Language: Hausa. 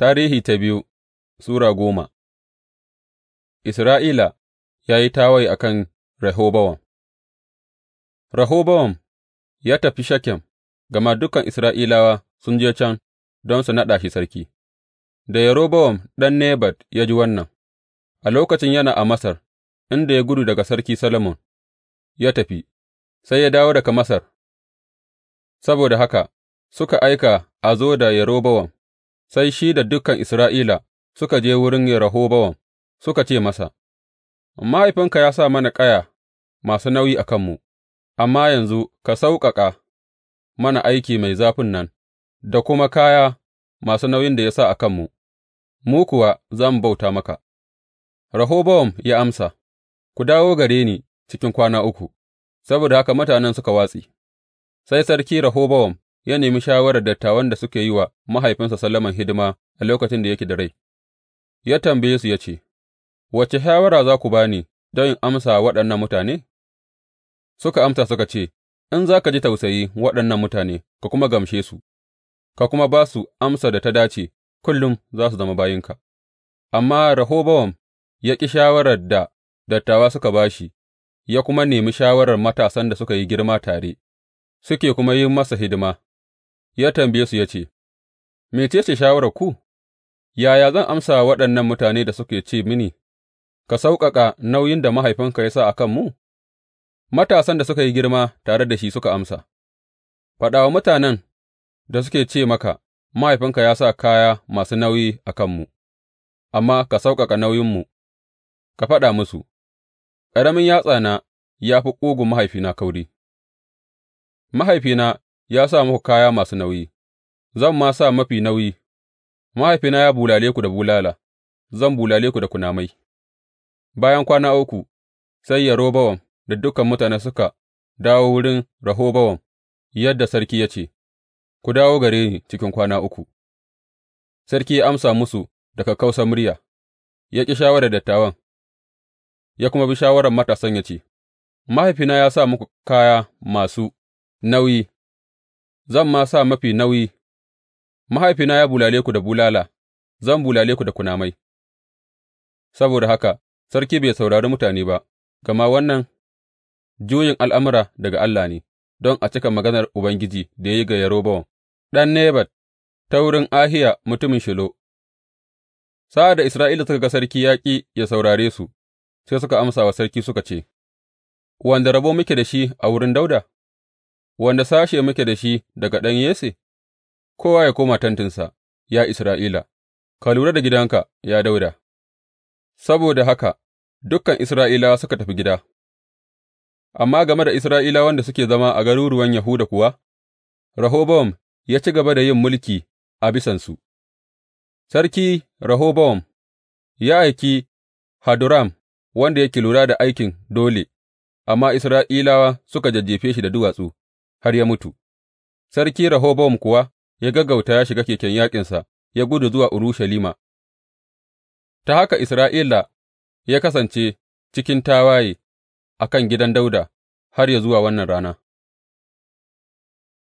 Tarihi ta biyu Sura goma Isra'ila ya yi tawaye a kan Rehobowam Rehobowam ya tafi Shekem, gama dukan Isra'ilawa sun je can don su naɗa shi sarki, da Yerobowam ɗan Nebat ya ji wannan, a lokacin yana a Masar, inda ya gudu daga Sarki Solomon ya tafi, sai ya dawo daga Masar, saboda haka suka aika a zo da Yerobowam. sai shi da dukan Isra'ila suka je wurin Rehobowam suka ce masa, Mahaifinka ya sa mana ƙaya masu nauyi a kanmu, amma yanzu ka sauƙaƙa mana aiki mai zafin nan da kuma kaya masu nauyin da ya sa a kanmu, mu kuwa za mu bauta maka. Rehobowam ya amsa, Ku dawo gare ni cikin kwana uku, saboda haka mutanen suka watsi. sai sarki Rehobowam ya nemi shawarar dattawan da suke yi wa mahaifinsa Solomon hidima a lokacin da yake da rai, ya tambaye su ya ce, Wace shawara za ku ba ni don in amsa waɗannan mutane? Suka amsa suka ce, In za ka ji tausayi waɗannan mutane ka kuma gamshe su, ka kuma ba su amsa da ta dace, kullum za su zama bayinka. Amma Rehobowam ya ƙi shawarar da dattawa suka ba shi, ya kuma nemi shawarar matasan da suka yi girma tare, suke kuma yi masa hidima. ya tambaye su ya ce, Mece ce ku? yaya zan amsa wa waɗannan mutane da suke ce mini, Ka sauƙaƙa nauyin da mahaifinka ya sa a kanmu? Matasan da suka yi girma tare da shi suka amsa, Faɗa wa mutanen da suke ce maka, Mahaifinka ya sa kaya masu nauyi a kanmu, amma ka sauƙaƙa nauyinmu, ka faɗa musu, Ƙaramin yatsana ya fi ƙugun mahaifina kauri, mahaifina ya sa muku kaya masu nauyi, zan ma sa mafi nauyi, mahaifina ya bulale ku da bulala, zan bulale ku da kunamai. Bayan kwana uku, sai Yerobowam da dukan mutane suka dawo wurin Rehobowam, yadda sarki ya ce, Ku dawo gare ni cikin kwana uku. Sarki ya amsa musu da kakkausar murya, ya ƙi shawarar dattawan, ya kuma bi shawarar matasan ya ce, Mahaifina ya sa muku kaya masu nauyi, zan ma sa mafi nauyi, mahaifina ya bulale ku da bulala, zan bulale ku da kunamai, saboda haka sarki bai saurari mutane ba, gama wannan juyin al'amura daga Allah ne, don a cika maganar Ubangiji da ya yi ga Yerobowam, ɗan Nebat, ta wurin Ahiya mutumin Shilo. Sa'ad da Isra'ila suka ga sarki ya ƙi ya saurare su, sai suka amsa wa sarki suka ce, Wanda rabo muke da shi a wurin Dauda? wanda sashe muke da shi daga ɗan Yesse? Kowa ya koma tentinsa, ya Isra'ila, ka lura da gidanka, ya dauda Saboda haka dukan Isra'ilawa suka tafi gida, amma game da Isra'ilawan da suke zama a garuruwan Yahuda kuwa, Rahobam ya ci gaba da yin mulki a bisansu. Sarki Rahobam ya aiki Hadoram wanda yake lura da aikin dole, amma Isra'ilawa suka jajjefe shi da duwatsu. har ya mutu, Sarki Rehobowam kuwa ya gaggauta ya shiga keken yaƙinsa ya gudu zuwa Urushalima, ta haka Isra'ila ya kasance cikin tawaye a kan gidan Dauda har yă zuwa wannan rana.